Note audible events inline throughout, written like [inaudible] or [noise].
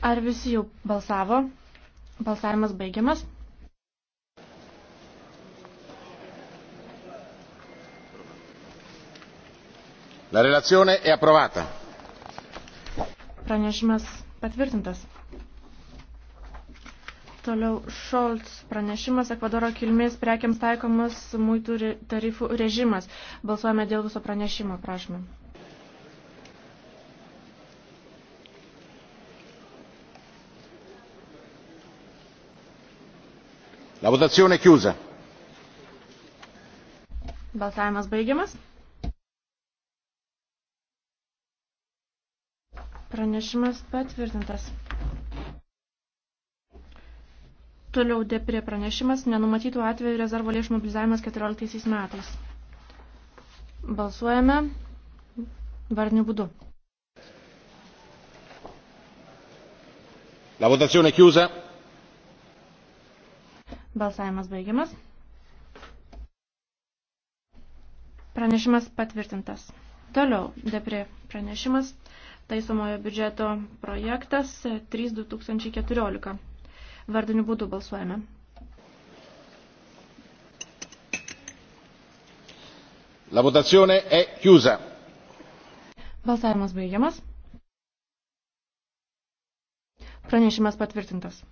Ar visi jau balsavo? Balsavimas baigiamas. La relazione è approvata. Pranešimas patvirtintas. Toliau Šolts pranešimas Ekvadoro kilmės prekiams taikomas muitų tarifų režimas. Balsuojame dėl viso pranešimo, prašome. La votazione è chiusa. Balsavimas baigiamas. Pranešimas patvirtintas. Toliau deprie pranešimas nenumatytų atveju rezervo lėšų mobilizavimas 14 metais. Balsuojame varnių būdu. La votazione è chiusa. Balsavimas baigiamas. Pranešimas patvirtintas. Toliau, depri pranešimas, taisomojo biudžeto projektas 3.2014. Vardiniu būdu balsuojame. La votazione è chiusa. Balsavimas baigiamas. Pranešimas patvirtintas.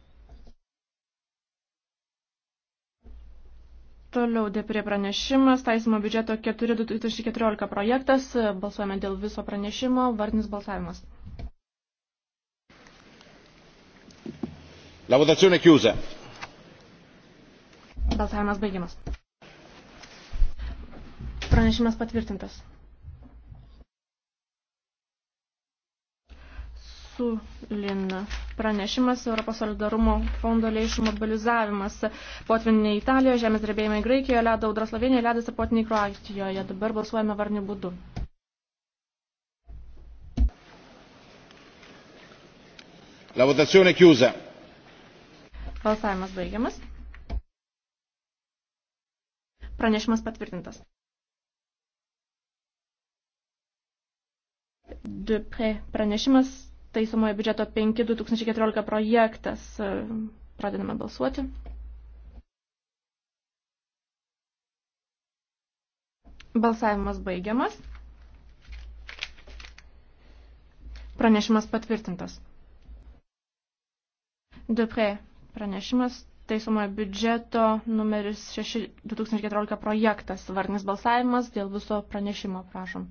Toliau dėprie pranešimas, taisymo biudžeto 4-2014 projektas, balsuojame dėl viso pranešimo, vardinis balsavimas. La votazione chiusa. Balsavimas baigiamas. Pranešimas patvirtintas. Sulin pranešimas Europos solidarumo fondo lėšų mobilizavimas. Potviniai Italijoje, žemės drebėjimai Graikijoje, ledo audra Slovenijoje, ledas ir potviniai Kroatijoje. Dabar balsuojame varnių būdu. La votazione chiusa. Balsavimas baigiamas. Pranešimas patvirtintas. Dupre pranešimas taisomojo biudžeto 5-2014 projektas. E, pradedame balsuoti. Balsavimas baigiamas. Pranešimas patvirtintas. Dupre pranešimas taisomojo biudžeto numeris 6 2014 projektas. Varnis balsavimas dėl viso pranešimo, prašom.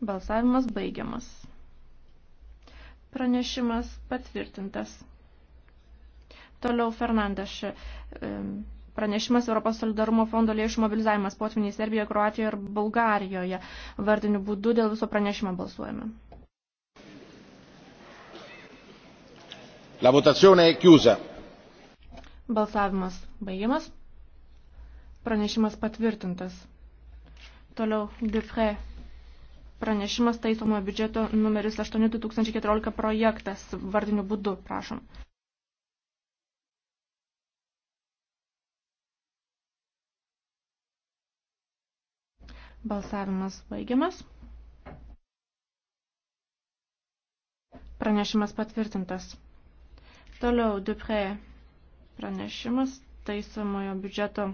Balsavimas baigiamas. Pranešimas patvirtintas. Toliau Fernandas. E, pranešimas Europos solidarumo fondo lėšų mobilizavimas potviniai Serbijoje, Kroatijoje ir Bulgarijoje. Vardiniu būdu dėl viso pranešimo balsuojame. La votazione è chiusa. Balsavimas baigiamas. Pranešimas patvirtintas. Toliau Dufre Pranešimas taisomojo biudžeto numeris 8 2014 projektas vardiniu būdu, prašom. Balsavimas baigiamas. Pranešimas patvirtintas. Toliau Dupré pranešimas taisomojo biudžeto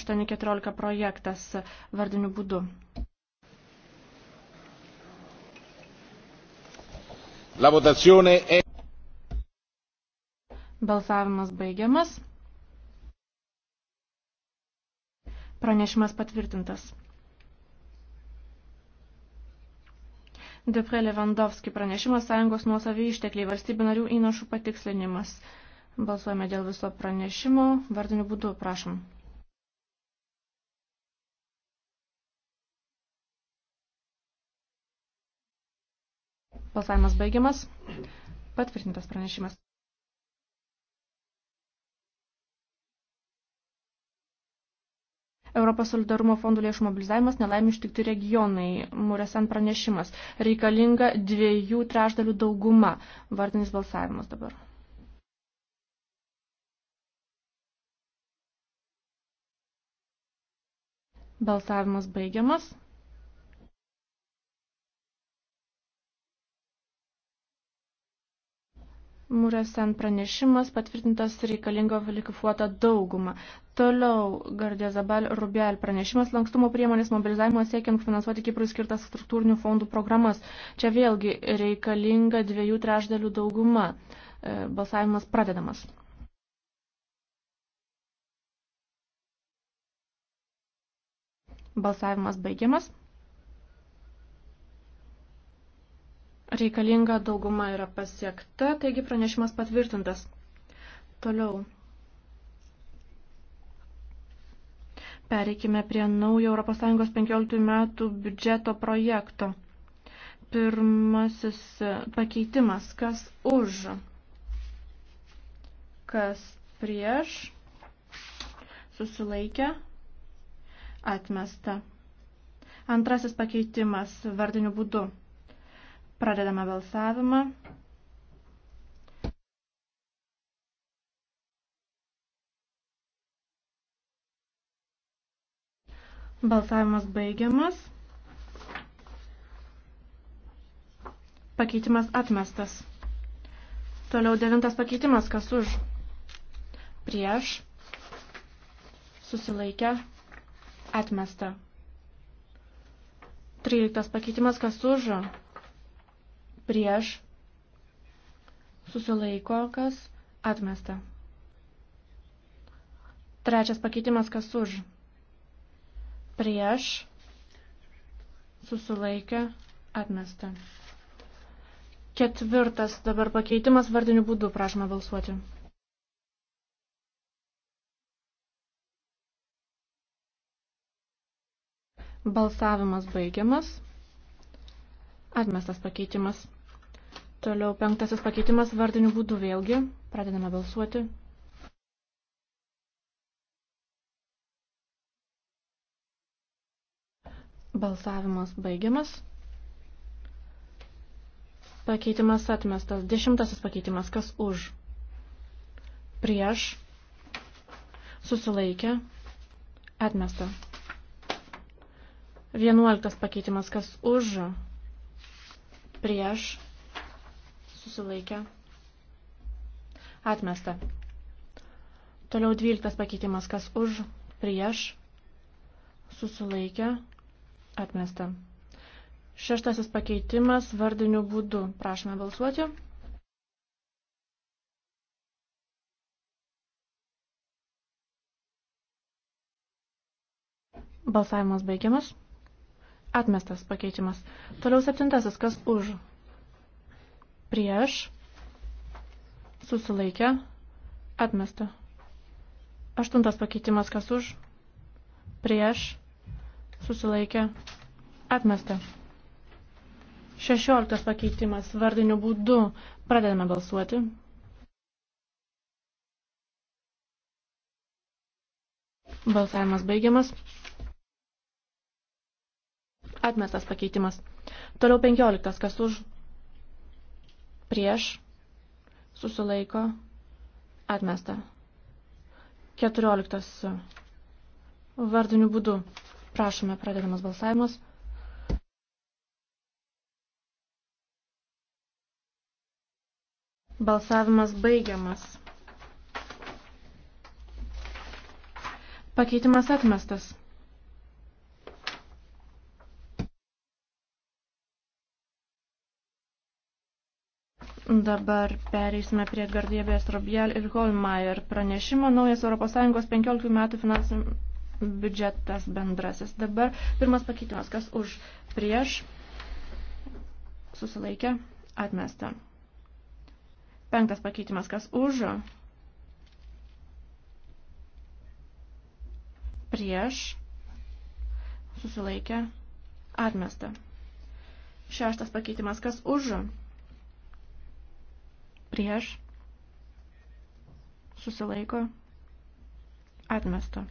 814 projektas vardiniu būdu. La votazione è. Balsavimas baigiamas. Pranešimas patvirtintas. Depre Levandovski pranešimas Sąjungos nuosavį ištekliai valstybių narių įnašų patikslinimas. Balsuojame dėl viso pranešimo. Vardiniu būdu, prašom. Balsavimas baigiamas. Patvirtintas pranešimas. Europos solidarumo fondų lėšų mobilizavimas nelaimė ištikti regionai. Muresan pranešimas. Reikalinga dviejų trešdalių dauguma. Vardinis balsavimas dabar. Balsavimas baigiamas. Muresen pranešimas patvirtintas reikalingo kvalifikuotą daugumą. Toliau Gardė Zabal Rubel pranešimas lankstumo priemonės mobilizavimo siekiant finansuoti Kiprui skirtas struktūrinių fondų programas. Čia vėlgi reikalinga dviejų trešdalių dauguma. E, balsavimas pradedamas. Balsavimas baigiamas. Reikalinga dauguma yra pasiekta, taigi pranešimas patvirtintas. Toliau. Pereikime prie naujo ES 15 metų biudžeto projekto. Pirmasis e, pakeitimas. Kas už? Kas prieš? Susilaikė? Atmesta. Antrasis pakeitimas vardiniu būdu. Pradedame balsavimą. Balsavimas baigiamas. Pakeitimas atmestas. Toliau devintas pakeitimas, kas už. Prieš. Susilaikę. Atmesta. Tryliktas pakeitimas, kas už prieš, susilaiko, kas atmesta. Trečias pakeitimas, kas už, prieš, susilaikė, atmesta. Ketvirtas dabar pakeitimas vardiniu būdu, prašome balsuoti. Balsavimas baigiamas. Atmestas pakeitimas. Toliau penktasis pakeitimas vardiniu būdu vėlgi. Pradedame balsuoti. Balsavimas baigiamas. Pakeitimas atmestas. Dešimtasis pakeitimas. Kas už? Prieš. Susilaikė. Atmesta. Vienuoliktas pakeitimas. Kas už? Prieš. Prieš susilaikė, atmesta. Toliau dvyliktas pakeitimas, kas už, prieš, susilaikė, atmesta. Šeštasis pakeitimas vardiniu būdu. Prašome balsuoti. Balsavimas baigiamas. Atmestas pakeitimas. Toliau septintasis, kas už prieš, susilaikę, atmesta. Aštuntas pakeitimas, kas už, prieš, susilaikę, atmesta. Šešioliktas pakeitimas, vardiniu būdu, pradedame balsuoti. Balsavimas baigiamas. Atmestas pakeitimas. Toliau 15. Kas už? prieš, susilaiko, atmesta. 14. Vardiniu būdu. Prašome, pradedamas balsavimas. Balsavimas baigiamas. Pakeitimas atmestas. Dabar pereisime prie Gardėbės Robiel ir Holmeier pranešimo naujas ES 15 metų finansinis biudžetas bendrasis. Dabar pirmas pakeitimas, kas už prieš susilaikė atmesta. Penktas pakeitimas, kas už prieš susilaikė atmesta. Šeštas pakeitimas, kas už prieš, susilaiko, atmesta.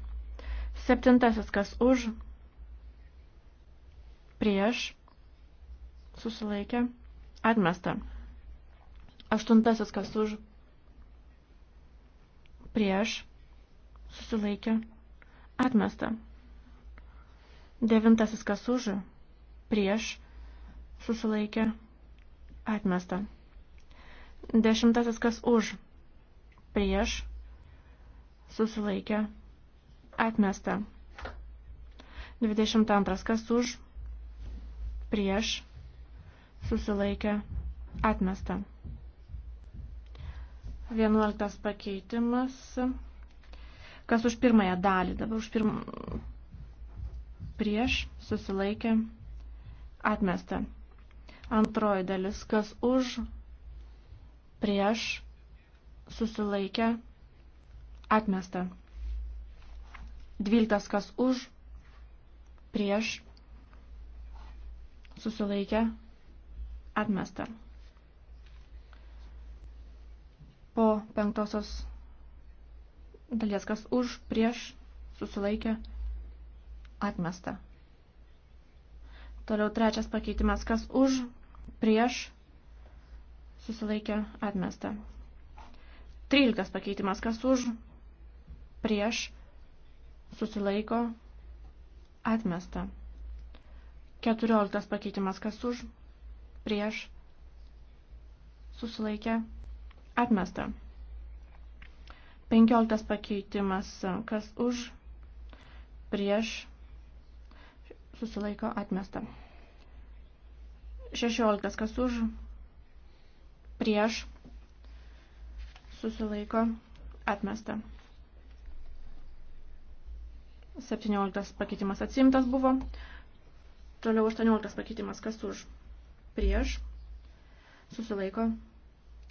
Septintasis, kas už, prieš, susilaikė, atmesta. Aštuntasis, kas už, prieš, susilaikė, atmesta. Devintasis, kas už, prieš, susilaikė, atmesta. Dešimtasis kas už, prieš, susilaikė, atmesta. Dvidešimt antras kas už, prieš, susilaikė, atmesta. Vienuoliktas pakeitimas. Kas už pirmąją dalį, dabar už pirmą, prieš, susilaikė, atmesta. Antroji dalis, kas už, prieš prieš susilaikę atmesta. Dvyltas kas už, prieš susilaikę atmesta. Po penktosios dalies kas už, prieš susilaikę atmesta. Toliau trečias pakeitimas kas už, prieš susilaikė atmesta. 13 pakeitimas, kas už, prieš, susilaiko, atmesta. 14 pakeitimas, kas už, prieš, susilaikė, atmesta. 15 pakeitimas, kas už, prieš, susilaiko, atmesta. 16 kas už, prieš prieš, susilaiko, atmesta. 17 pakeitimas atsimtas buvo. Toliau 18 pakeitimas, kas už, prieš, susilaiko,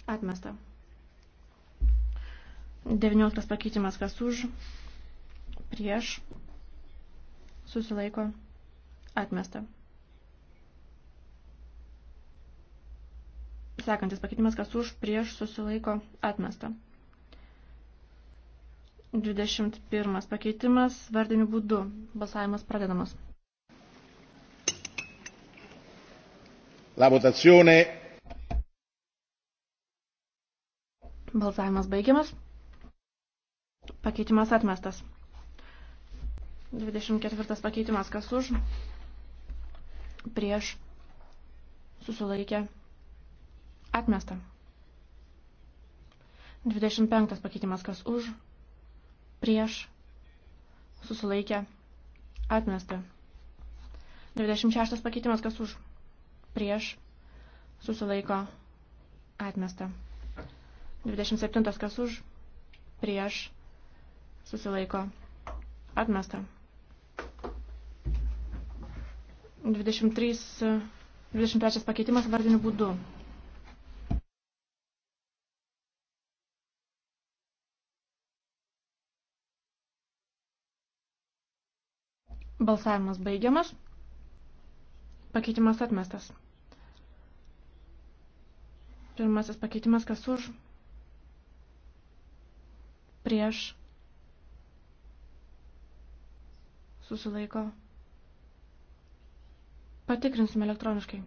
atmesta. 19 pakeitimas, kas už, prieš, susilaiko, atmesta. Sekantis pakeitimas, kas už, prieš, susilaiko, atmesta. 21. Pakeitimas vardiniu būdu. Balsavimas pradedamas. La votazione. Balsavimas baigiamas. Pakeitimas atmestas. 24. Pakeitimas kas už? Prieš. Susilaikė. Atmesta. 25 pakeitimas kas už, prieš, susilaikė, atmesta. 26 pakeitimas kas už, prieš, susilaiko, atmesta. 27 kas už, prieš, susilaiko, atmesta. 23, 23 pakeitimas vardiniu būdu. Balsavimas baigiamas. Pakeitimas atmestas. Pirmasis pakeitimas, kas už, prieš, susilaiko. Patikrinsime elektroniškai.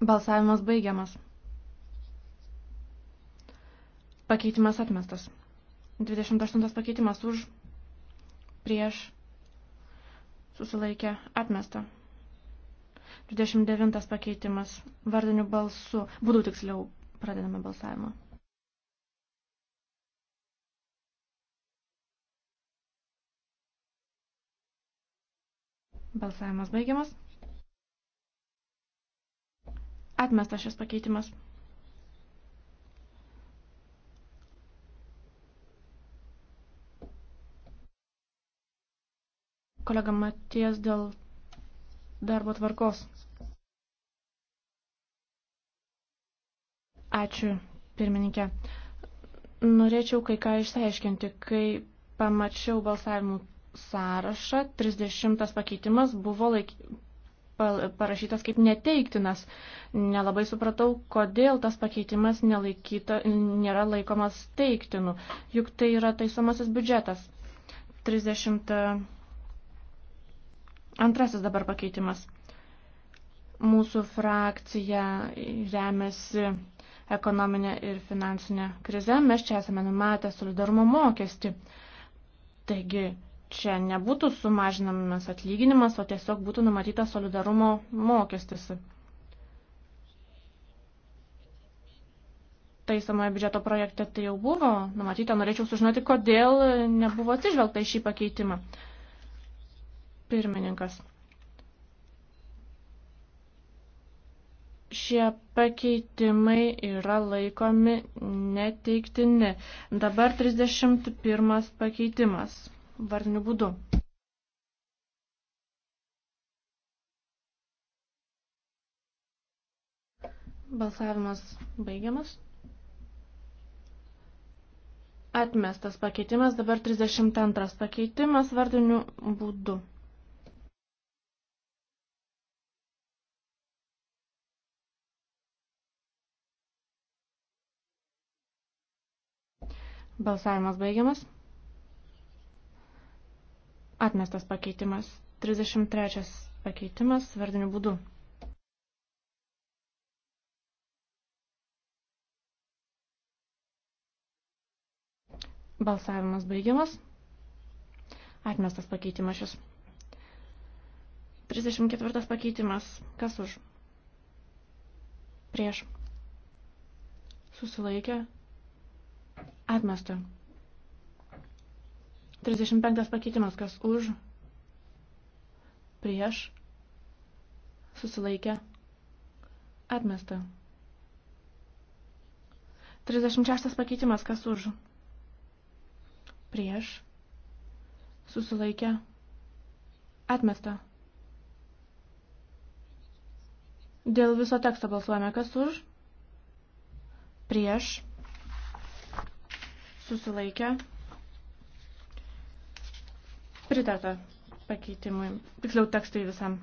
Balsavimas baigiamas. Pakeitimas atmestas. 28 pakeitimas už, prieš, susilaikė, atmesta. 29 pakeitimas vardiniu balsu, būdų tiksliau pradedame balsavimą. Balsavimas baigiamas. Atmestas šis pakeitimas. kolega Matijas dėl darbo tvarkos. Ačiū, pirmininkė. Norėčiau kai ką išsiaiškinti. Kai pamačiau balsavimų sąrašą, 30 pakeitimas buvo laik... parašytas kaip neteiktinas. Nelabai supratau, kodėl tas pakeitimas nelaikyta, nėra laikomas teiktinu. Juk tai yra taisomasis biudžetas. 30 Antrasis dabar pakeitimas. Mūsų frakcija remiasi ekonominė ir finansinė krize. Mes čia esame numatę solidarumo mokestį. Taigi, čia nebūtų sumažinamas atlyginimas, o tiesiog būtų numatytas solidarumo mokestis. Taisomoje biudžeto projekte tai jau buvo numatyta, norėčiau sužinoti, kodėl nebuvo atsižvelgta į šį pakeitimą. Pirmininkas. Šie pakeitimai yra laikomi neteiktini. Dabar 31 pakeitimas varnių būdu. Balsavimas baigiamas. Atmestas pakeitimas, dabar 32 pakeitimas vardiniu būdu. Balsavimas baigiamas. Atmestas pakeitimas. 33 pakeitimas vardiniu būdu. Balsavimas baigiamas. Atmestas pakeitimas šis. 34 pakeitimas. Kas už? Prieš. Susilaikė. Atmesta. 35 pakeitimas, kas už, prieš, susilaikė, atmesta. 36 pakeitimas, kas už, prieš, susilaikė, atmesta. Dėl viso teksto balsuojame, kas už, prieš, susilaikė susilaikė, pritarta pakeitimui, tiksliau tekstui visam.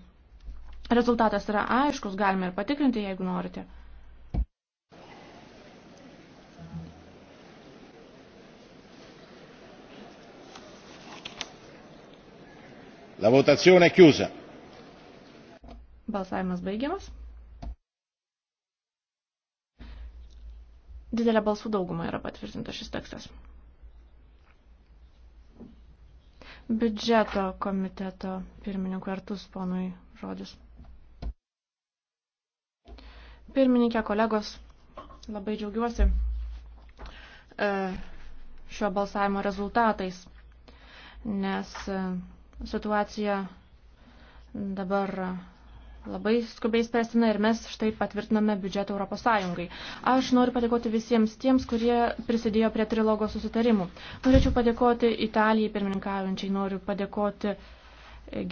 Rezultatas yra aiškus, galime ir patikrinti, jeigu norite. La votazione è chiusa. Balsavimas baigiamas. Didelė balsų dauguma yra patvirtinta šis tekstas. Biudžeto komiteto pirmininkų artus ponui žodis. Pirmininkė, kolegos, labai džiaugiuosi e, šio balsavimo rezultatais, nes e, situacija dabar labai skubiai spręstina ir mes štai patvirtiname biudžetą Europos Sąjungai. Aš noriu padėkoti visiems tiems, kurie prisidėjo prie trilogo susitarimų. Norėčiau padėkoti Italijai pirmininkaujančiai, noriu padėkoti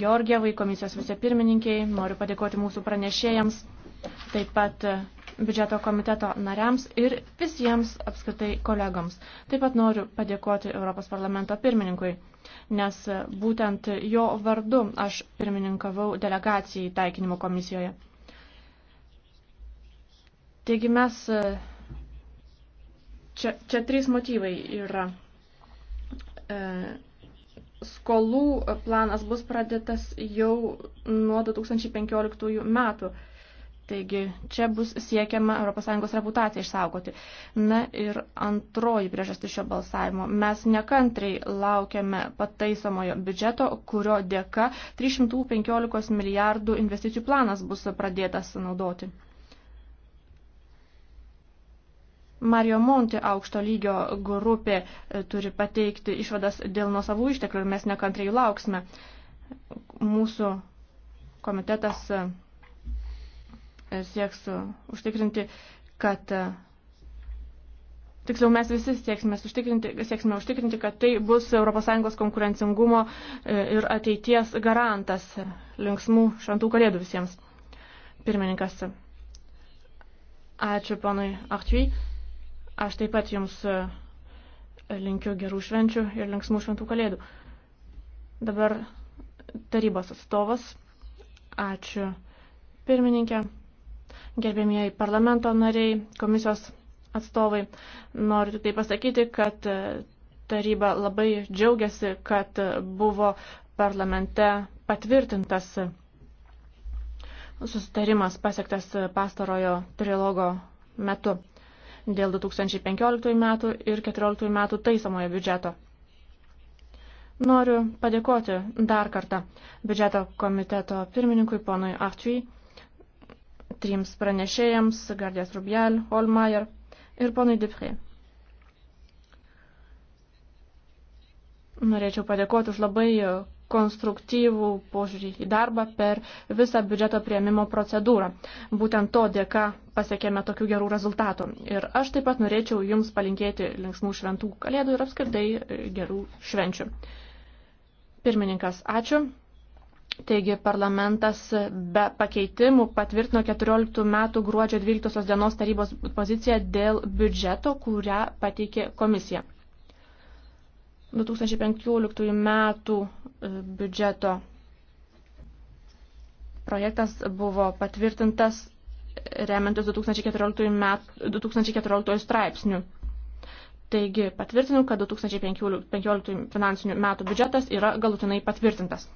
Georgievai, komisijos vicepirmininkiai, noriu padėkoti mūsų pranešėjams, taip pat biudžeto komiteto nariams ir visiems apskritai kolegoms. Taip pat noriu padėkoti Europos parlamento pirmininkui, nes būtent jo vardu aš pirmininkavau delegacijai taikinimo komisijoje. Taigi mes, čia, čia trys motyvai yra. E, skolų planas bus pradėtas jau nuo 2015 metų. Taigi čia bus siekiama ES reputaciją išsaugoti. Na ir antroji priežastis šio balsavimo. Mes nekantriai laukiame pataisomojo biudžeto, kurio dėka 315 milijardų investicijų planas bus pradėtas naudoti. Mario Monti aukšto lygio grupė e, turi pateikti išvadas dėl nuosavų išteklių ir mes nekantriai jų lauksime. Mūsų komitetas e, sieks užtikrinti, kad e, Tiksliau, mes visi sieksime užtikrinti, sieksime užtikrinti, kad tai bus ES konkurencingumo e, ir ateities garantas linksmų šantų kalėdų visiems. Pirmininkas. Ačiū ponui Achtui. Aš taip pat jums e, linkiu gerų švenčių ir linksmų šventų kalėdų. Dabar tarybos atstovas. Ačiū pirmininkė gerbėmieji parlamento nariai, komisijos atstovai. Noriu tik tai pasakyti, kad e, taryba labai džiaugiasi, kad buvo parlamente patvirtintas susitarimas pasiektas pastarojo trilogo metu dėl 2015 metų ir 2014 metų taisomojo biudžeto. Noriu padėkoti dar kartą biudžeto komiteto pirmininkui ponui Ahtui trims pranešėjams, Gardės Rubiel, Holmeier ir ponui Dipré. Norėčiau padėkoti už labai konstruktyvų požiūrį į darbą per visą biudžeto prieimimo procedūrą. Būtent to dėka pasiekėme tokių gerų rezultatų. Ir aš taip pat norėčiau Jums palinkėti linksmų šventų kalėdų ir apskritai gerų švenčių. Pirmininkas, ačiū. Taigi parlamentas be pakeitimų patvirtino 14 metų gruodžio 12 dienos tarybos poziciją dėl biudžeto, kurią pateikė komisija. 2015 metų e, biudžeto projektas buvo patvirtintas e, remiantis 2014, met, 2014 straipsnių. Taigi patvirtinu, kad 2015 finansinių metų biudžetas yra galutinai patvirtintas.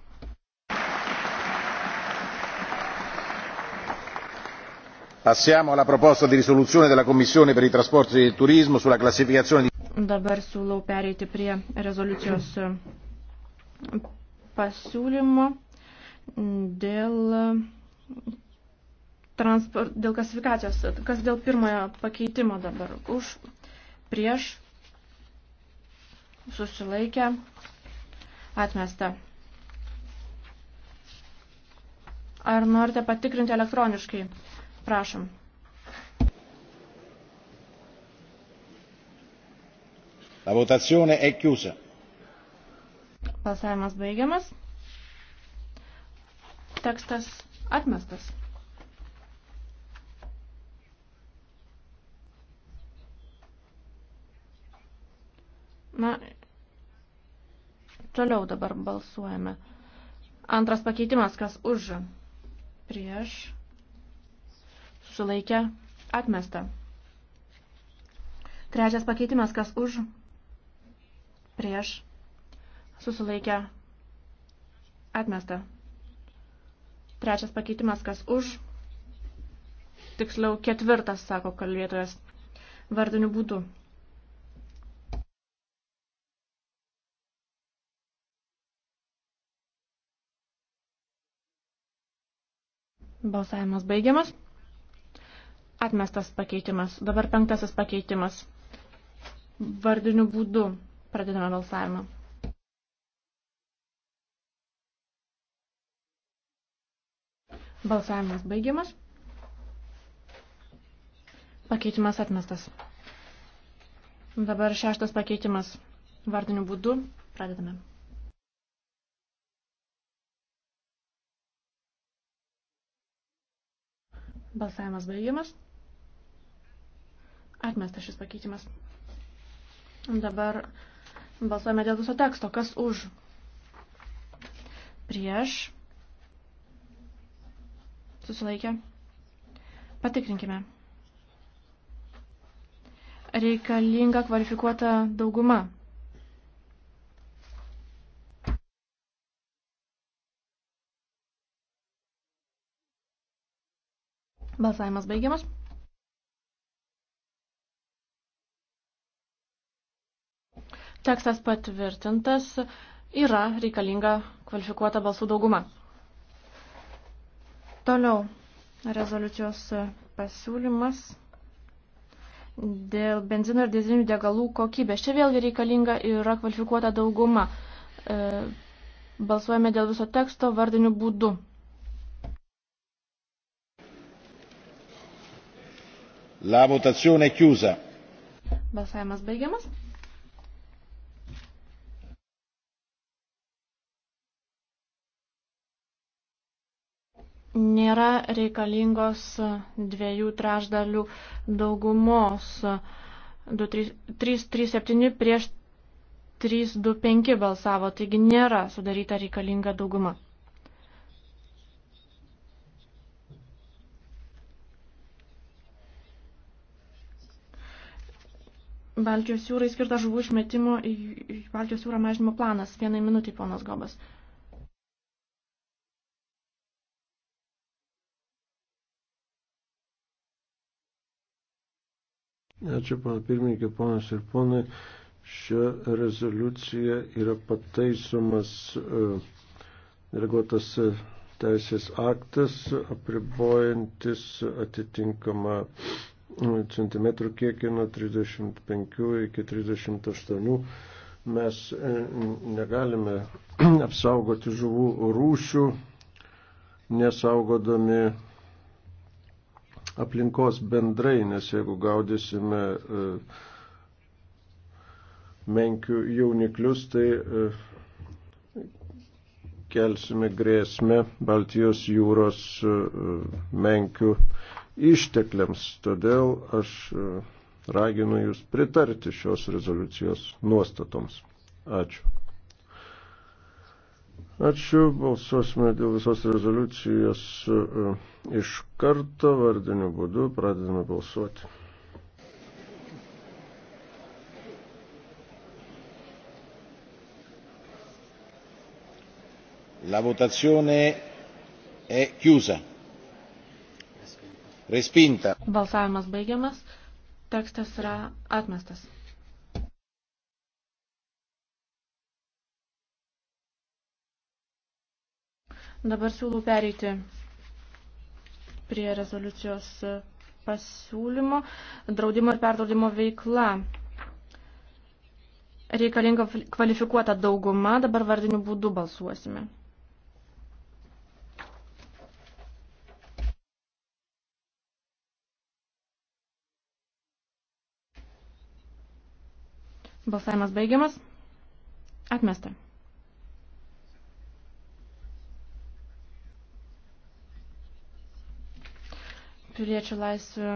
passiamo alla proposta di risoluzione della commissione per i trasporti e il turismo sulla classificazione di. dabar siūlau pereiti prie rezoliucijos pasiūlymo dėl, transpor, dėl klasifikacijos, kas dėl pirmojo pakeitimo dabar už, prieš, susilaikę, atmesta. Ar norite patikrinti elektroniškai? Prašom. La votazione è chiusa. Balsavimas baigiamas. Tekstas atmestas. Na, toliau dabar balsuojame. Antras pakeitimas, kas už, prieš, susilaikė atmesta. Trečias pakeitimas, kas už, prieš, susilaikė atmesta. Trečias pakeitimas, kas už, tiksliau ketvirtas, sako kalbėtojas, vardiniu būdu. Balsavimas baigiamas. Atmestas pakeitimas. Dabar penktasis pakeitimas. Vardiniu būdu pradedame balsavimą. Balsavimas baigiamas. Pakeitimas atmestas. Dabar šeštas pakeitimas vardiniu būdu. Pradedame. Balsavimas baigiamas. Atmestas šis pakeitimas. Dabar balsuojame dėl viso teksto. Kas už? Prieš. Susilaikė. Patikrinkime. Reikalinga kvalifikuota dauguma. Balsavimas baigiamas. tekstas patvirtintas, yra reikalinga kvalifikuota balsų dauguma. Toliau rezoliucijos pasiūlymas dėl benzino ir dizelinių degalų kokybės. Čia vėlgi reikalinga yra kvalifikuota dauguma. E, balsuojame dėl viso teksto vardiniu būdu. La votazione è chiusa. Balsavimas baigiamas. nėra reikalingos dviejų trešdalių daugumos 337 prieš 325 balsavo, taigi nėra sudaryta reikalinga dauguma. Baltijos jūrai skirtas žuvų išmetimo į Baltijos jūrą mažinimo planas. Vienai minutį, ponas Gobas. Ačiū, pana pirmininkė, ponas ir ponai. Šią rezoliuciją yra pataisomas reaguotas e, teisės aktas, apribojantis atitinkamą e, centimetrų kiekį nuo 35 iki 38. Mes e, negalime [clears throat] apsaugoti žuvų rūšių, nesaugodami aplinkos bendrai, nes jeigu gaudysime e, menkių jauniklius, tai e, kelsime grėsmę Baltijos jūros e, menkių ištekliams. Todėl aš raginu Jūs pritarti šios rezoliucijos nuostatoms. Ačiū. Ačiū, balsuosime dėl visos rezoliucijos e, iš karto vardiniu būdu, pradedame balsuoti. La votazione è chiusa. Respinta. Balsavimas baigiamas. Tekstas yra atmestas. Dabar siūlau pereiti prie rezoliucijos pasiūlymo draudimo ir perdraudimo veikla. Reikalinga kvalifikuota dauguma, dabar vardiniu būdu balsuosime. Balsavimas baigiamas. Atmesta. piliečių laisvių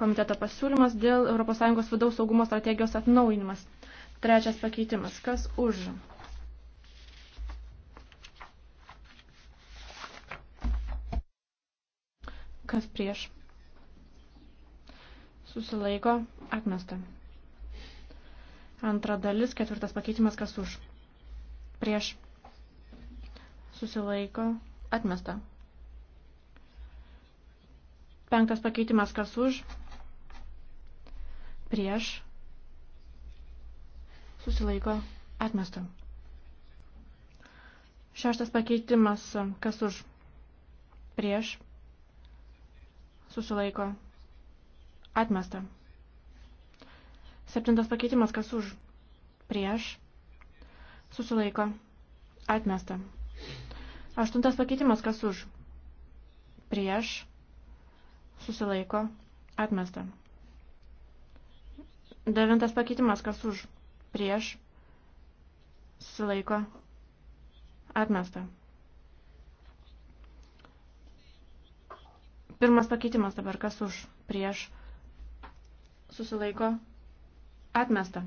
komiteto pasiūlymas dėl ES vidaus saugumo strategijos atnaujinimas. Trečias pakeitimas. Kas už? Kas prieš? Susilaiko. Atmesta. Antra dalis. Ketvirtas pakeitimas. Kas už? Prieš. Susilaiko. Atmesta. Penktas pakeitimas kas už, prieš, susilaiko, atmesta. Šeštas pakeitimas kas už, prieš, susilaiko, atmesta. Septintas pakeitimas kas už, prieš, susilaiko, atmesta. Aštuntas pakeitimas kas už, prieš, susilaiko, atmesta. Devintas pakeitimas, kas už, prieš, susilaiko, atmesta. Pirmas pakeitimas dabar, kas už, prieš, susilaiko, atmesta.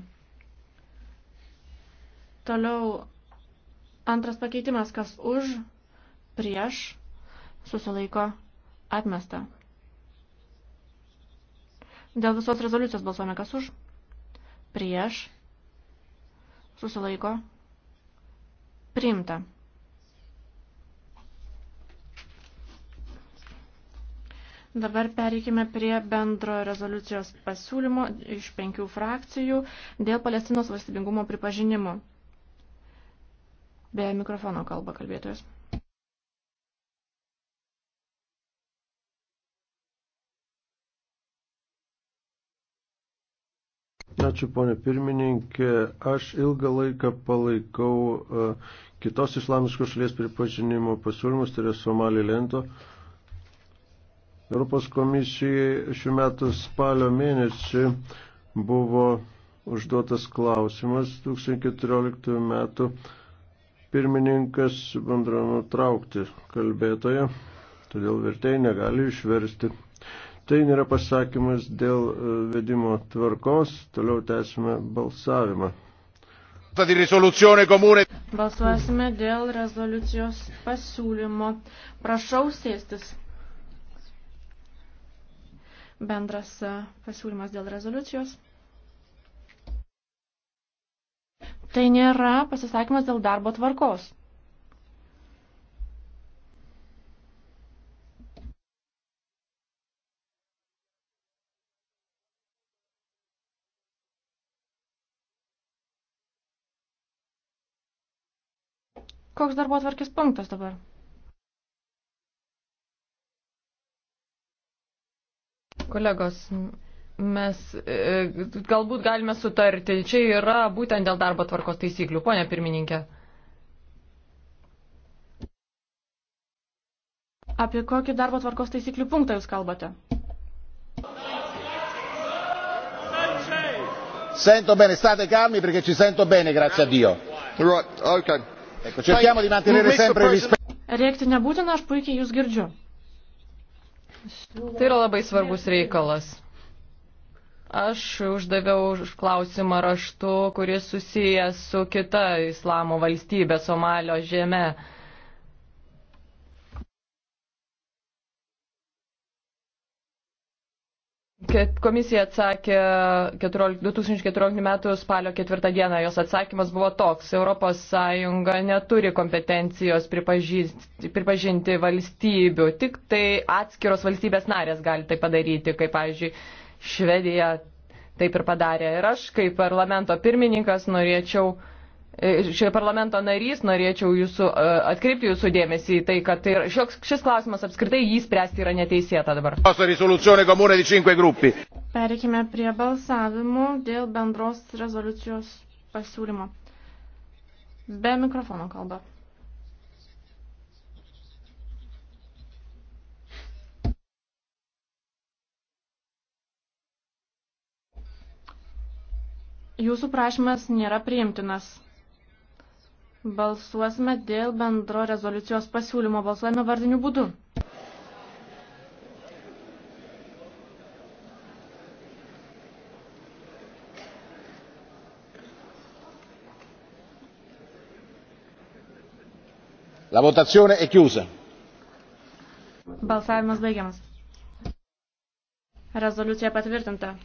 Toliau antras pakeitimas, kas už, prieš, susilaiko, atmesta. Dėl visos rezoliucijos balsuojame kas už, prieš, susilaiko, priimta. Dabar pereikime prie bendro rezoliucijos pasiūlymo iš penkių frakcijų dėl Palestinos valstybingumo pripažinimo. Be mikrofono kalba kalbėtojas. Ačiū, ponė pirmininkė. Aš ilgą laiką palaikau e, kitos islamiškos šalies pripažinimo pasiūlymus, tai yra Somalilento. Europos komisijai šių metų spalio mėnesį buvo užduotas klausimas 2014 metų pirmininkas bandra nutraukti kalbėtoją, todėl vertėjai negali išversti Tai nėra pasakymas dėl e, vedimo tvarkos. Toliau tęsime balsavimą. Balsuosime dėl rezoliucijos pasiūlymo. Prašau sėstis. Bendras e, pasiūlymas dėl rezoliucijos. Tai nėra pasisakymas dėl darbo tvarkos. Koks darbo atvarkės punktas dabar? Kolegos, mes e, galbūt galime sutarti. Čia yra būtent dėl darbo tvarkos taisyklių, ponia pirmininkė. Apie kokį darbo tvarkos taisyklių punktą jūs kalbate? Sento bene, state calmi perché ci sento bene, grazie a Dio. Right, okay. Ecco, cerchiamo di mantenere sempre il rispetto. Rėkti nebūtina, aš puikiai jūs girdžiu. Tai yra labai svarbus reikalas. Aš uždaviau klausimą raštu, kuris susijęs su kita islamo valstybė Somalio žemė. Kad komisija atsakė 14, 2014 m. spalio 4 d. jos atsakymas buvo toks, ES neturi kompetencijos pripažinti valstybių, tik tai atskiros valstybės narės gali tai padaryti, kaip, pavyzdžiui, Švedija taip ir padarė. Ir aš, kaip parlamento pirmininkas, norėčiau uh, E, šio parlamento narys, norėčiau jūsų, e, atkreipti jūsų dėmesį į tai, kad tai, šioks, šis klausimas apskritai jį spręsti yra neteisėta dabar. Pereikime prie balsavimų dėl bendros rezoliucijos pasiūlymo. Be mikrofono kalba. Jūsų prašymas nėra priimtinas. Balsuosime dėl bendro rezoliucijos pasiūlymo. Balsuojame vardiniu būdu. La votazione è chiusa. Balsavimas baigiamas. Rezoliucija patvirtinta.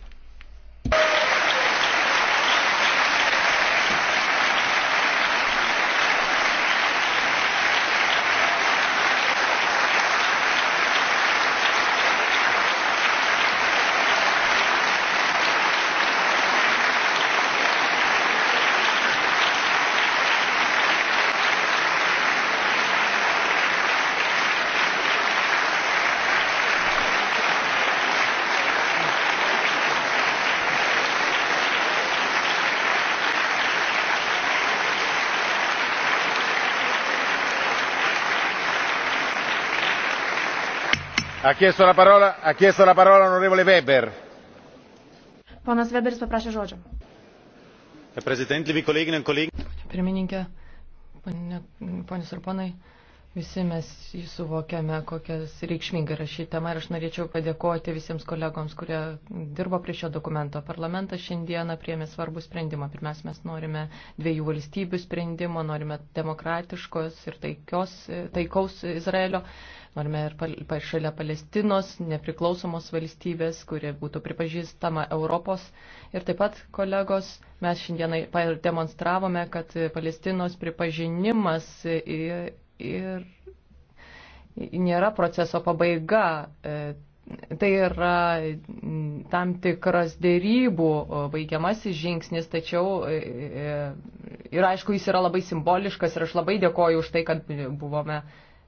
Ha chiesto la parola, ha chiesto la parola onorevole Weber. Ponas Weberis paprašė žodžio. Herr Präsident, liebe Kolleginnen und Kollegen. Pirmininkė, ponės ir ponai. Visi mes suvokiame, kokias reikšminga yra šį temą ir aš norėčiau padėkoti visiems kolegoms, kurie dirbo prie šio dokumento. Parlamentas šiandieną priėmė svarbų sprendimą. Pirmiausia, mes norime dviejų valstybių sprendimo, norime demokratiškos ir taikios, taikaus Izraelio, norime ir pal, šalia Palestinos nepriklausomos valstybės, kuri būtų pripažįstama Europos. Ir taip pat, kolegos, mes šiandieną demonstravome, kad Palestinos pripažinimas. Į, ir nėra proceso pabaiga. E, tai yra tam tikras dėrybų baigiamasis žingsnis, tačiau e, e, ir aišku, jis yra labai simboliškas ir aš labai dėkoju už tai, kad buvome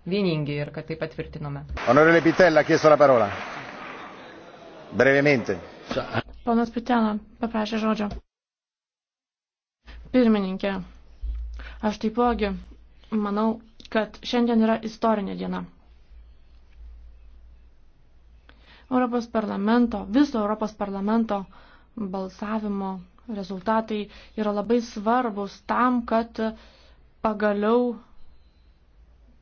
vieningi ir kad tai patvirtinome. Honorėlė Pitella, chiesto la parola. Brevemente. Ponas Pitella paprašė žodžio. Pirmininkė, aš taipogi manau, kad šiandien yra istorinė diena. Europos parlamento, viso Europos parlamento balsavimo rezultatai yra labai svarbus tam, kad pagaliau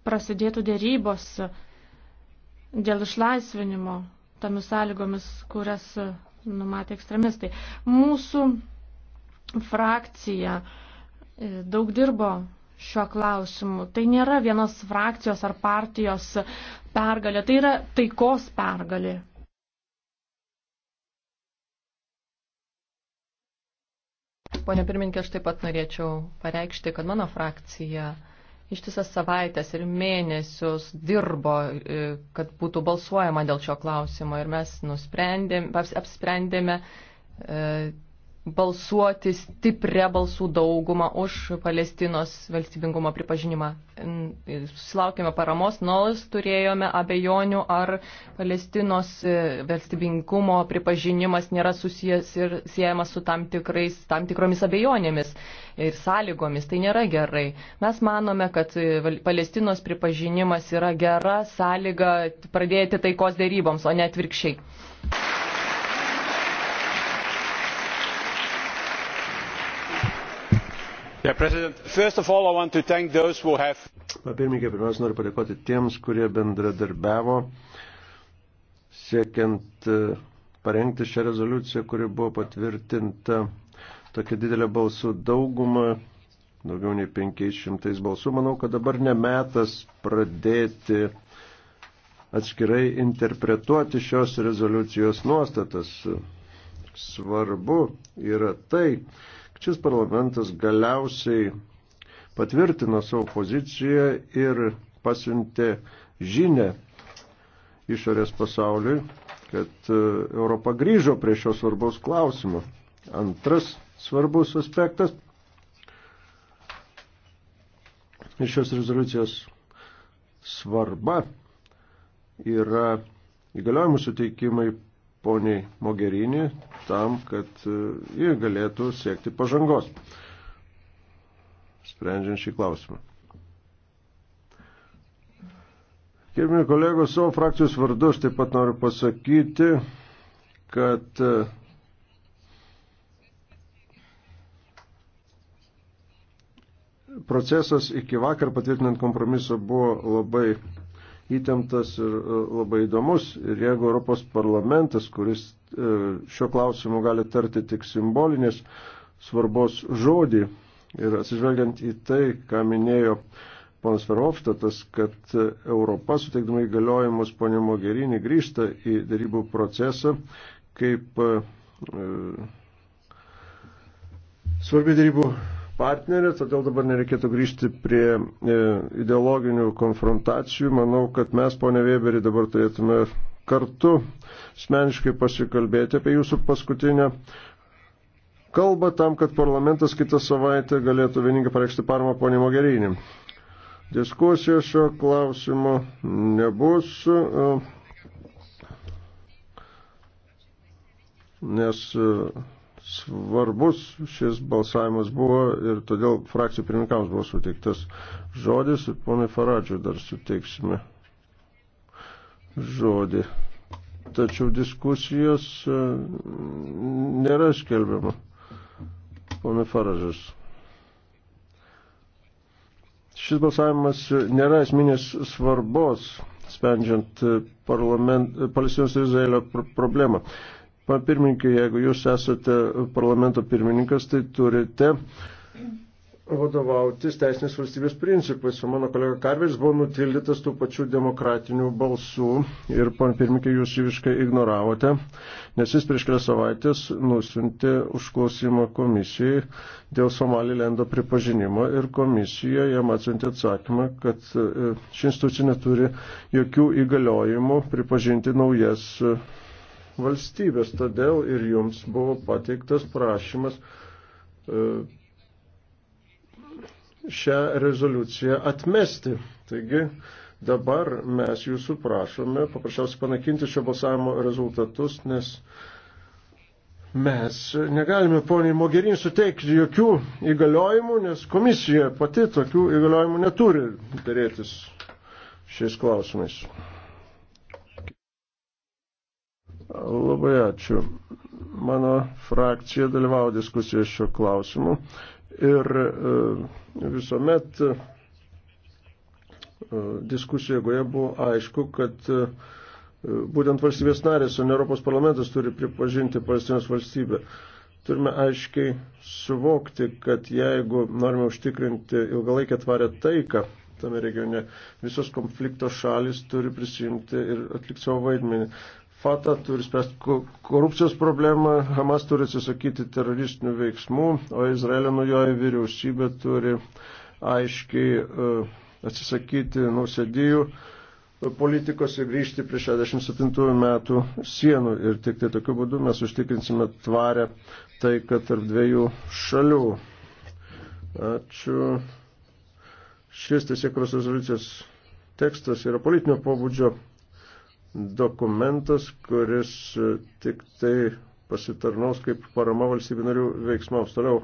prasidėtų dėrybos dėl išlaisvinimo tomis sąlygomis, kurias numatė ekstremistai. Mūsų frakcija daug dirbo šiuo klausimu. Tai nėra vienos frakcijos ar partijos pergalė, tai yra taikos pergalė. Pone pirmininkė, aš taip pat norėčiau pareikšti, kad mano frakcija ištisas savaitės ir mėnesius dirbo, e, kad būtų balsuojama dėl šio klausimo ir mes nusprendėm, apsisprendėme e, balsuoti stiprią balsų daugumą už Palestinos valstybingumo pripažinimą. Susilaukėme paramos, nors turėjome abejonių, ar Palestinos e, valstybingumo pripažinimas nėra susijęs ir siejamas su tam, tikrais, tam tikromis abejonėmis ir sąlygomis. Tai nėra gerai. Mes manome, kad e, Palestinos pripažinimas yra gera sąlyga pradėti taikos dėryboms, o ne atvirkščiai. Yeah, have... Pirmininkė, pirmiausia, noriu padėkoti tiems, kurie bendradarbiavo siekiant e, parengti šią rezoliuciją, kuri buvo patvirtinta tokia didelė balsų dauguma, daugiau nei 500 balsų. Manau, kad dabar nemetas pradėti atskirai interpretuoti šios rezoliucijos nuostatas. Svarbu yra tai, Šis parlamentas galiausiai patvirtino savo poziciją ir pasiuntė žinę išorės pasauliui, kad e, Europa grįžo prie šio svarbaus klausimo. Antras svarbus aspektas iš šios rezoliucijos svarba yra įgaliojimų suteikimai poniai Mogerinį tam, kad e, ji galėtų siekti pažangos, sprendžiant šį klausimą. Gerbimi kolegos, savo frakcijos vardu aš taip pat noriu pasakyti, kad e, procesas iki vakar patvirtinant kompromisą buvo labai įtemptas ir e, labai įdomus. Ir jeigu Europos parlamentas, kuris e, šio klausimu gali tarti tik simbolinės svarbos žodį, ir atsižvelgiant į tai, ką minėjo ponas Verhofstadtas, kad e, Europa, suteikdama įgaliojimus ponė Mogherini, grįžta į darybų procesą kaip e, svarbi darybų partnerė, todėl dabar nereikėtų grįžti prie e, ideologinių konfrontacijų. Manau, kad mes, ponė Weberį, dabar turėtume kartu asmeniškai pasikalbėti apie jūsų paskutinę kalbą tam, kad parlamentas kitą savaitę galėtų vieningai pareikšti parmą ponį Mogerinį. Diskusijos šio klausimo nebus, e, nes e, svarbus šis balsavimas buvo ir todėl frakcijų pirmininkams buvo suteiktas žodis ir ponai Faradžiui dar suteiksime žodį. Tačiau diskusijos e, nėra skelbiama. Pone Faradžas. Šis balsavimas nėra esminės svarbos, sprendžiant e, e, Palestinos ir Izraelio pr problemą. Man pirmininkai, jeigu jūs esate parlamento pirmininkas, tai turite vadovautis teisinės valstybės principais. O mano kolega Karveris buvo nutildytas tų pačių demokratinių balsų ir, pan pirmininkai, jūs jį visiškai ignoravote, nes jis prieš kelias savaitės nusintė užklausimą komisijai dėl Somalilendo pripažinimo ir komisija jam atsintė atsakymą, kad e, ši institucija neturi jokių įgaliojimų pripažinti naujas valstybės. Todėl ir jums buvo pateiktas prašymas e, šią rezoliuciją atmesti. Taigi dabar mes jūsų prašome paprasčiausiai panakinti šio balsavimo rezultatus, nes mes negalime poniai Mogerin suteikti jokių įgaliojimų, nes komisija pati tokių įgaliojimų neturi darėtis šiais klausimais. Labai ačiū. Mano frakcija dalyvavo diskusijoje šiuo klausimu ir e, visuomet e, diskusijoje buvo aišku, kad e, būtent valstybės narės, o ne Europos parlamentas turi pripažinti Palestinos valstybę. Turime aiškiai suvokti, kad jeigu norime užtikrinti ilgalaikę tvarę taiką, tame regione. Visos konflikto šalis turi prisijungti ir atlikti savo vaidmenį. Fata turi spręsti korupcijos problemą, Hamas turi atsisakyti teroristinių veiksmų, o Izraelio naujoji vyriausybė turi aiškiai e, atsisakyti nausėdijų e, politikos ir grįžti prie 67 metų sienų. Ir tik tai tokiu būdu mes užtikrinsime tvarę taiką tarp dviejų šalių. Ačiū. Šis teisėkros rezoliucijos tekstas yra politinio pobūdžio dokumentas, kuris e, tik tai pasitarnaus kaip parama valstybių narių veiksmams. Toliau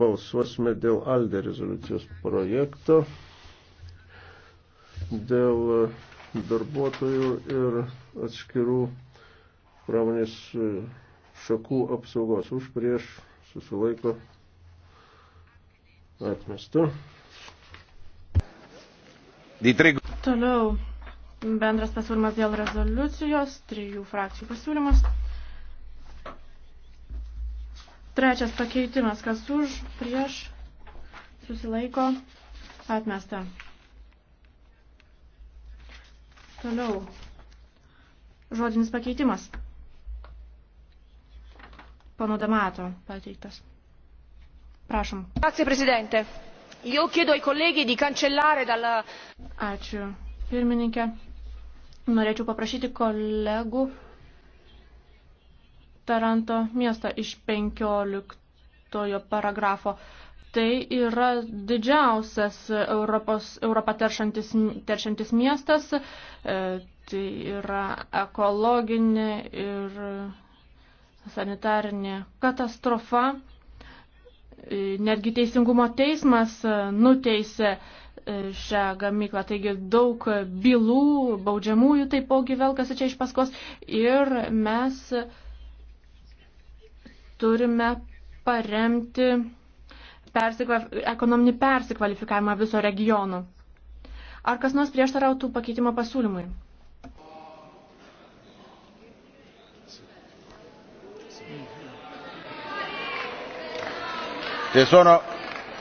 balsuosime dėl ALDE rezoliucijos projekto, dėl e, darbuotojų ir atskirų pramonės e, šakų apsaugos už prieš susilaiko atmestu. Toliau Bendras pasiūlymas dėl rezoliucijos, trijų frakcijų pasiūlymas. Trečias pakeitimas, kas už, prieš, susilaiko, atmesta. Toliau, žodinis pakeitimas. Pono Damato pateiktas. Prašom. Grazie, Presidente. Io chiedo ai colleghi di cancellare dalla... Ačiū, pirmininkė. Norėčiau paprašyti kolegų Taranto miestą iš 15 paragrafo. Tai yra didžiausias Europos, Europą teršantis, teršantis miestas. E, tai yra ekologinė ir sanitarinė katastrofa. E, netgi teisingumo teismas e, nuteisė e, šią gamyklą. Taigi daug bylų, baudžiamųjų taipogi velkasi čia iš paskos ir mes turime paremti persikva, ekonominį persikvalifikavimą viso regiono. Ar kas nors prieštarautų pakeitimo pasiūlymui?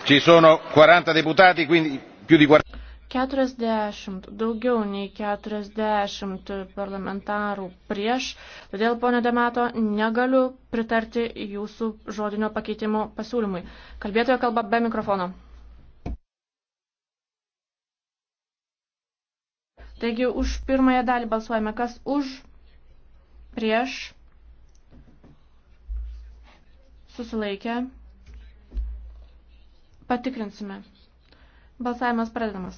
Ci sono 40 deputati, quindi più di 40. 40, daugiau nei 40 parlamentarų prieš, todėl, ponė Demato, negaliu pritarti jūsų žodinio pakeitimo pasiūlymui. Kalbėtojo kalba be mikrofono. Taigi už pirmąją dalį balsuojame, kas už, prieš, susilaikę. Patikrinsime. Balsavimas pradedamas.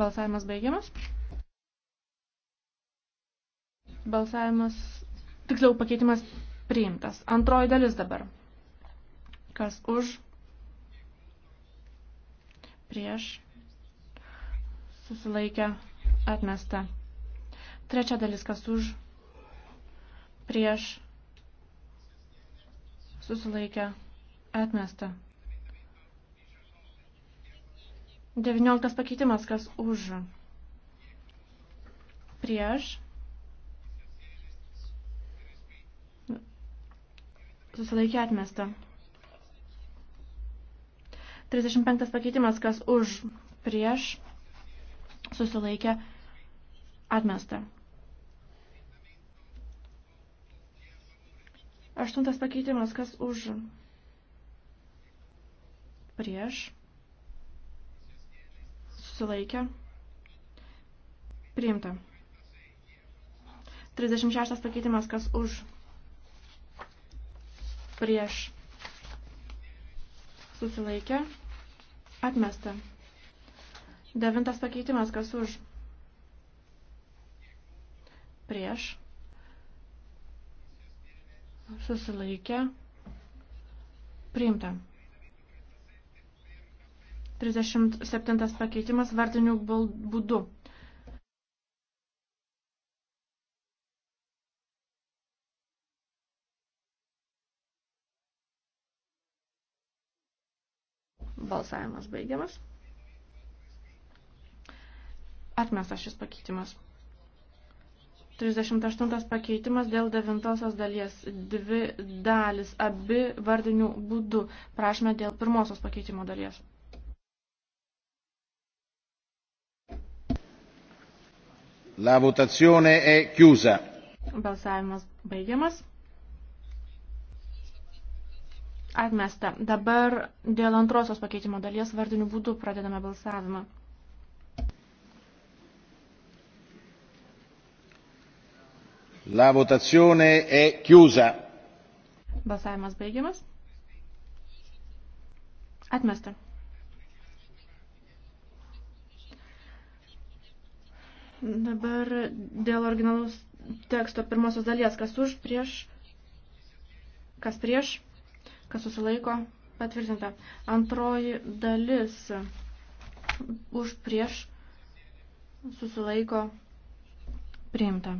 Balsavimas baigiamas. Balsavimas, tiksliau pakeitimas priimtas. Antroji dalis dabar. Kas už? Prieš. Susilaikę atmesta. Trečia dalis, kas už, prieš, susilaikę, atmesta. 19 pakeitimas, kas už, prieš, susilaikę, atmesta. 35 pakeitimas, kas už, prieš, susilaikė atmesta. Aštuntas pakeitimas, kas už prieš susilaikė priimta. 36 pakeitimas, kas už prieš susilaikė atmesta. Devintas pakeitimas, kas už? Prieš. Susilaikė. Priimta. 37 pakeitimas vardinių būdu. Balsavimas baigiamas. Atmestas šis pakeitimas. 38 pakeitimas dėl devintosios dalies. Dvi dalis, abi vardinių būdų. Prašome dėl pirmosios pakeitimo dalies. La votazione è chiusa. Balsavimas baigiamas. Atmesta. Dabar dėl antrosios pakeitimo dalies vardinių būdų pradedame balsavimą. La votazione è chiusa. Balsavimas baigiamas. Atmesta. Dabar dėl originalaus teksto pirmosios dalies, kas už, prieš, kas prieš, kas susilaiko, patvirtinta. Antroji dalis už, prieš, susilaiko, priimta.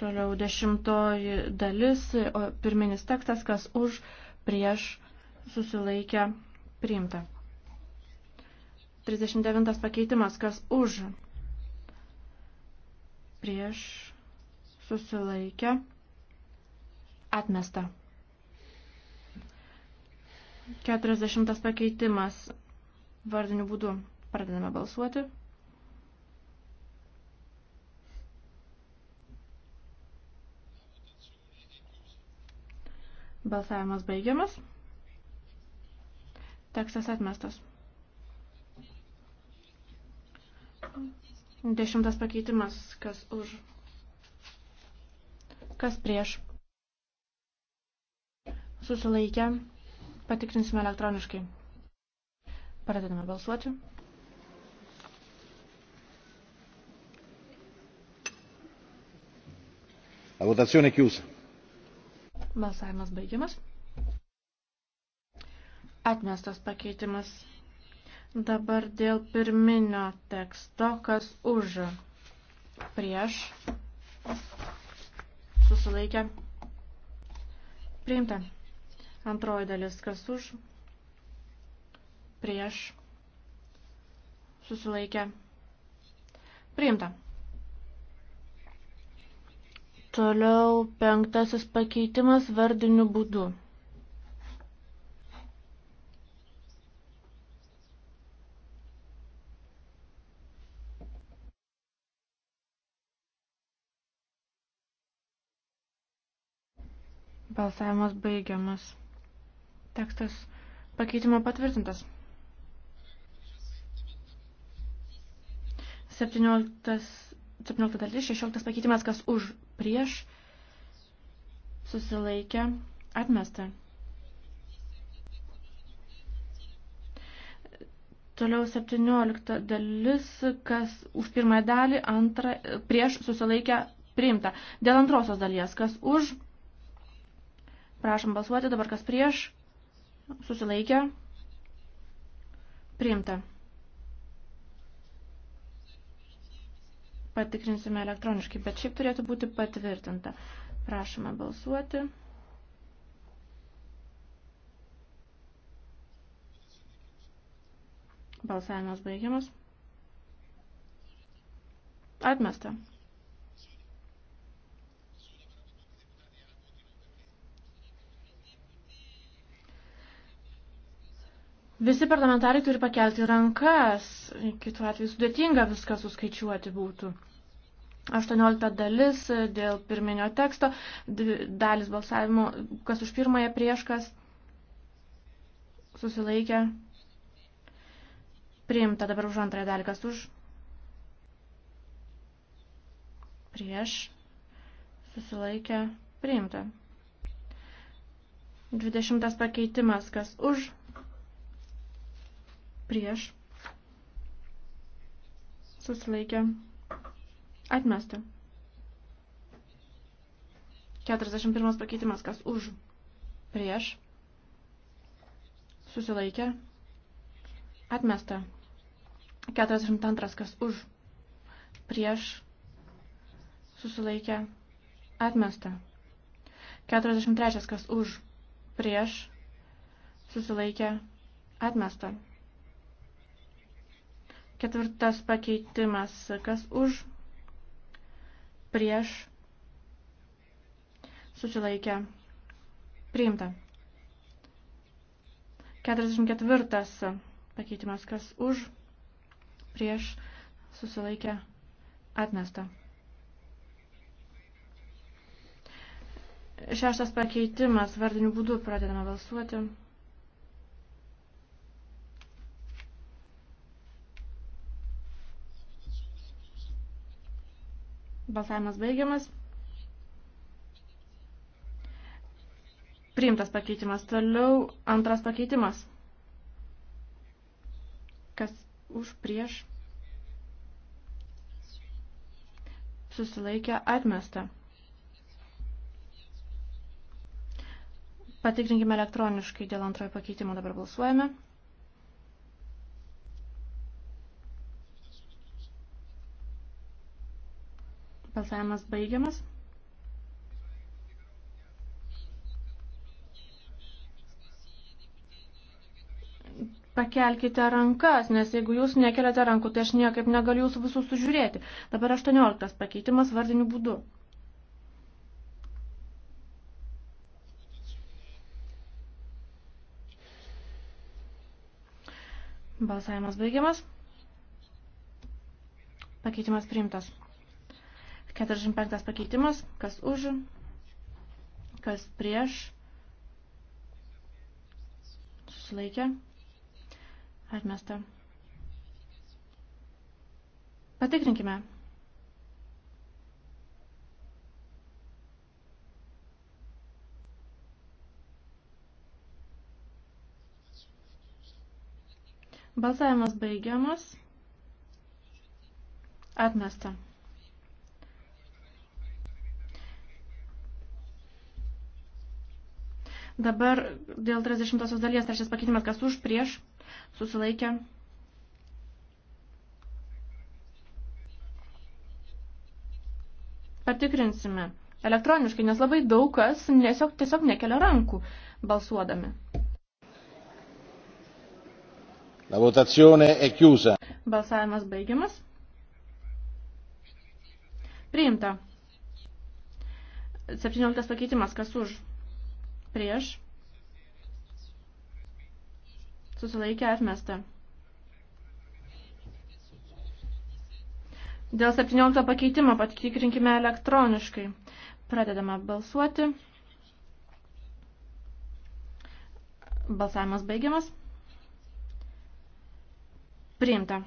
Toliau dešimtoji dalis, o pirminis tekstas, kas už, prieš, susilaikę, priimta. 39 pakeitimas, kas už, prieš, susilaikę, atmesta. 40 pakeitimas, vardiniu būdu pradedame balsuoti. Balsavimas baigiamas. Tekstas atmestas. Dešimtas pakeitimas, kas už, kas prieš. Susilaikę, patikrinsime elektroniškai. Pradedame balsuoti. La votazione è chiusa. Balsavimas baigiamas. Atmestas pakeitimas. Dabar dėl pirminio teksto, kas už prieš susilaikę priimta. Antroji dalis, kas už prieš susilaikę priimta. Toliau penktasis pakeitimas vardiniu būdu. Balsavimas baigiamas. Tekstas pakeitimo patvirtintas. 17 17 dalis, 16 pakeitimas, kas už, prieš, susilaikė, atmesta. Toliau 17 dalis, kas už pirmąją dalį, antrą, prieš susilaikę priimta. Dėl antrosios dalies, kas už, prašom balsuoti, dabar kas prieš, susilaikę, priimta. patikrinsime elektroniškai, bet šiaip turėtų būti patvirtinta. Prašome balsuoti. Balsavimas baigiamas. Atmesta. Visi parlamentarai turi pakelti rankas, kitu atveju sudėtinga viską suskaičiuoti būtų. 18 dalis dėl pirminio teksto, dalis balsavimo, kas už pirmąją prieš, kas susilaikė, priimta dabar už antrąją dalį, kas už prieš, susilaikė, priimta. 20 pakeitimas, kas už prieš, susilaikė, atmesta. 41 pakeitimas, kas už, prieš, susilaikė, atmesta. 42, kas už, prieš, susilaikė, atmesta. 43, kas už, prieš, susilaikė, atmesta. Ketvirtas pakeitimas, kas už, prieš, susilaikę, priimta. 44 pakeitimas, kas už, prieš, susilaikę, atmesta. Šeštas pakeitimas, vardiniu būdu pradedame balsuoti. Balsavimas baigiamas. Priimtas pakeitimas. Toliau antras pakeitimas. Kas už prieš susilaikė atmestą. Patikrinkime elektroniškai dėl antrojo pakeitimo. Dabar balsuojame. Balsavimas baigiamas. Pakelkite rankas, nes jeigu jūs nekeliate rankų, tai aš niekaip negaliu jūsų visus sužiūrėti. Dabar 18 pakeitimas vardiniu būdu. Balsavimas baigiamas. Pakeitimas priimtas. 45 pakeitimas, kas už, kas prieš, susilaikė, atmesta. Patikrinkime. Balsavimas baigiamas. Atmesta. Dabar dėl 30 dalies trečias pakeitimas, kas už, prieš, susilaikė. Patikrinsime elektroniškai, nes labai daug kas tiesiog, tiesiog nekelia rankų balsuodami. La votazione è chiusa. Balsavimas baigiamas. Priimta. 17 pakeitimas, kas už? prieš, susilaikė atmesta. Dėl 17 pakeitimo patikrinkime elektroniškai. Pradedame balsuoti. Balsavimas baigiamas. Priimta.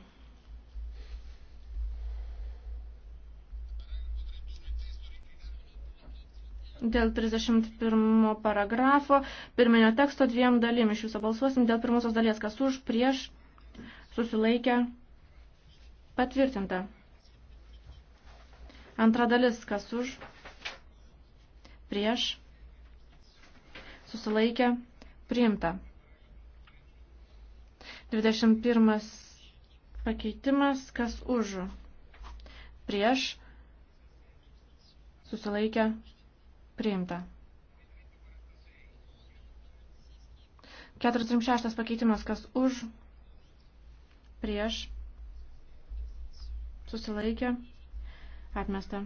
dėl 31 paragrafo, pirminio teksto dviem dalim iš viso balsuosim, dėl pirmosios dalies, kas už, prieš, susilaikę, patvirtinta. Antra dalis, kas už, prieš, susilaikę, priimta. 21 pakeitimas, kas už, prieš, susilaikę, Priimta. 46 pakeitimas, kas už, prieš, susilaikė, atmesta.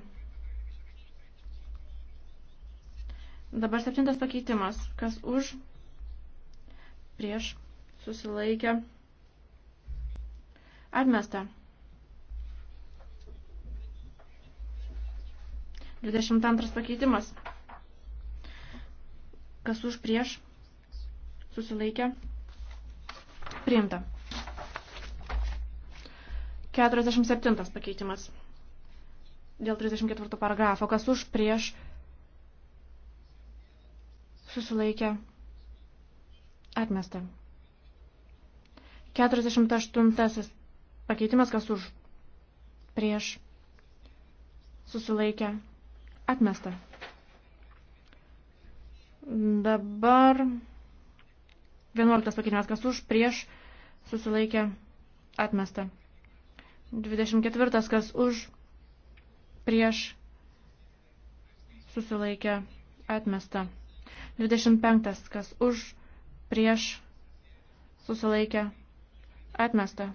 Dabar septintas pakeitimas, kas už, prieš, susilaikė, atmesta. 22 pakeitimas. Kas už prieš? Susilaikė. Priimta. 47 pakeitimas. Dėl 34 paragrafo. Kas už prieš? Susilaikė. Atmesta. 48 pakeitimas. Kas už prieš? Susilaikė. Atmesta. Dabar 11 pakeitimas, kas už, prieš, susilaikė, atmesta. 24, kas už, prieš, susilaikė, atmesta. 25, kas už, prieš, susilaikė, atmesta.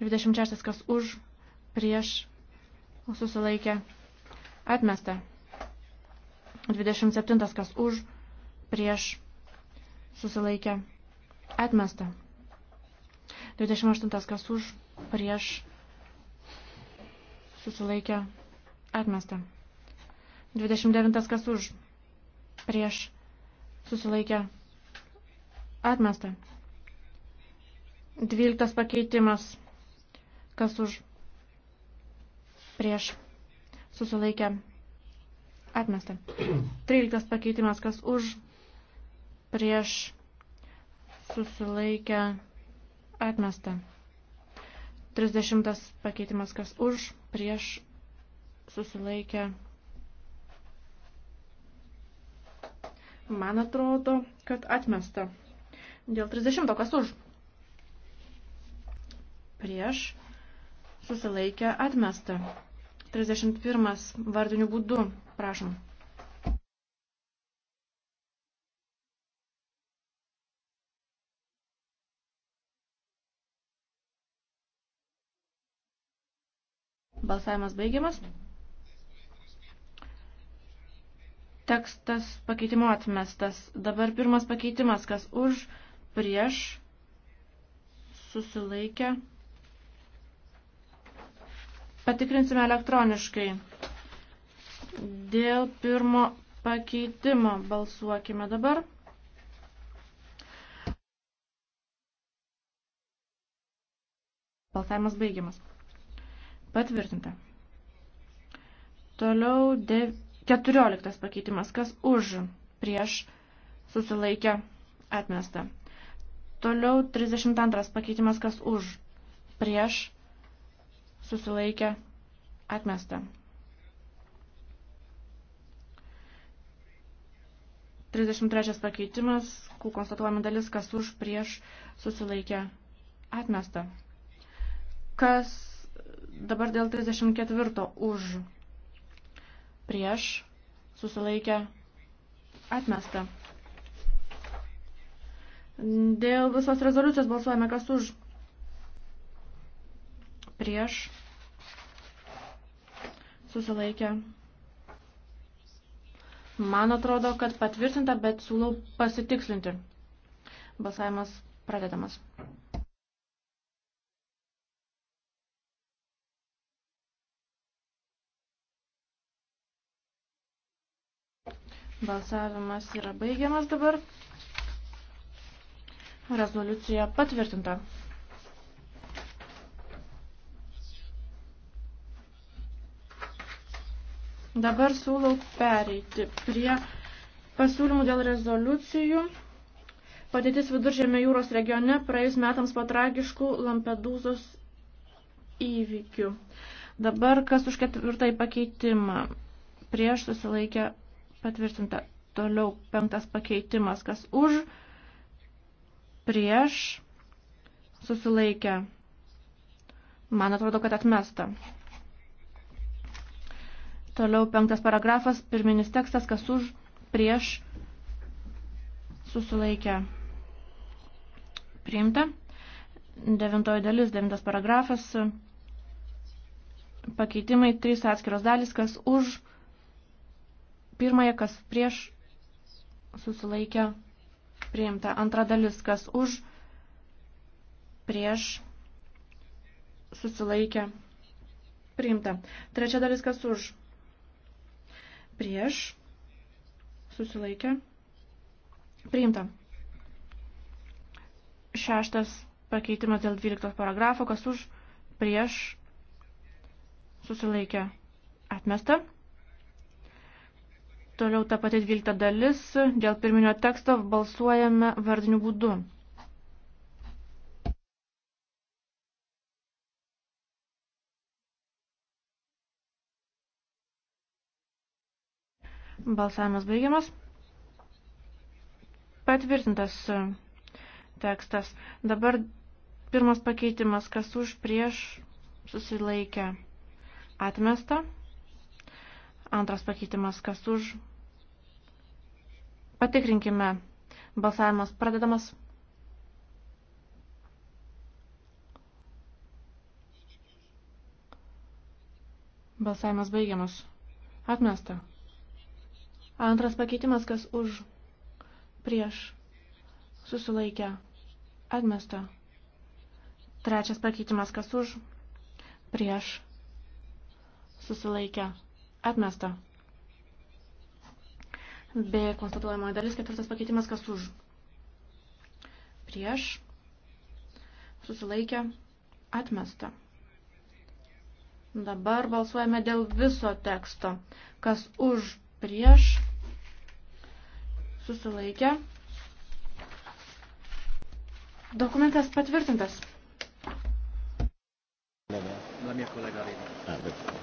26, kas už, prieš, susilaikė, atmesta. 27 kas už, prieš, susilaikė, atmesta. 28 kas už, prieš, susilaikė, atmesta. 29 kas už, prieš, susilaikė, atmesta. 12 pakeitimas, kas už, prieš, susilaikė, atmesta Atmesta. 13 pakeitimas, kas už, prieš, susilaikę, atmesta. 30 pakeitimas, kas už, prieš, susilaikę. Man atrodo, kad atmesta. Dėl 30, kas už? Prieš, susilaikę, atmesta. 31 vardiniu būdu, Prašom. Balsavimas baigiamas. Tekstas pakeitimo atmestas. Dabar pirmas pakeitimas, kas už, prieš, susilaikę. Patikrinsime elektroniškai. Dėl pirmo pakeitimo balsuokime dabar. Balsavimas baigiamas. Patvirtinta. Toliau 14 pakeitimas. Kas už prieš susilaikę atmesta. Toliau 32 pakeitimas. Kas už prieš susilaikę atmesta. 33 pakeitimas, kų konstatuojama dalis, kas už prieš susilaikė atmesta. Kas dabar dėl 34 už prieš susilaikė atmesta. Dėl visos rezoliucijos balsuojame, kas už prieš susilaikė atmesta. Man atrodo, kad patvirtinta, bet siūlau pasitikslinti. Balsavimas pradedamas. Balsavimas yra baigiamas dabar. Rezoliucija patvirtinta. Dabar siūlau pereiti prie pasiūlymų dėl rezoliucijų. Padėtis viduržėme jūros regione praėjus metams po tragiškų Lampedūzos įvykių. Dabar kas už ketvirtąjį pakeitimą? Prieš susilaikę patvirtinta. Toliau penktas pakeitimas. Kas už? Prieš susilaikę. Man atrodo, kad atmesta. Toliau penktas paragrafas, pirminis tekstas, kas už, prieš, susilaikę, priimta. Devintoji dalis, devintas paragrafas, pakeitimai, trys atskiros dalis, kas už, pirmąją, kas prieš, susilaikę, priimta. Antra dalis, kas už, prieš, susilaikę, priimta. Trečia dalis, kas už, prieš prieš, susilaikė, priimta. Šeštas pakeitimas dėl 12 paragrafo, kas už, prieš, susilaikė, atmesta. Toliau ta pati 12 dalis, dėl pirminio teksto balsuojame vardiniu būdu. Balsavimas baigiamas. Patvirtintas e, tekstas. Dabar pirmas pakeitimas, kas už prieš susilaikę atmesta. Antras pakeitimas, kas už. Patikrinkime. Balsavimas pradedamas. Balsavimas baigiamas. Atmesta. Antras pakeitimas, kas už, prieš, susilaikę, atmesta. Trečias pakeitimas, kas už, prieš, susilaikę, atmesta. B konstatuojama dalis, ketvirtas pakeitimas, kas už, prieš, susilaikę, atmesta. Dabar balsuojame dėl viso teksto, kas už, prieš, susilaikė. Dokumentas patvirtintas. La mia collega Rina. Ah,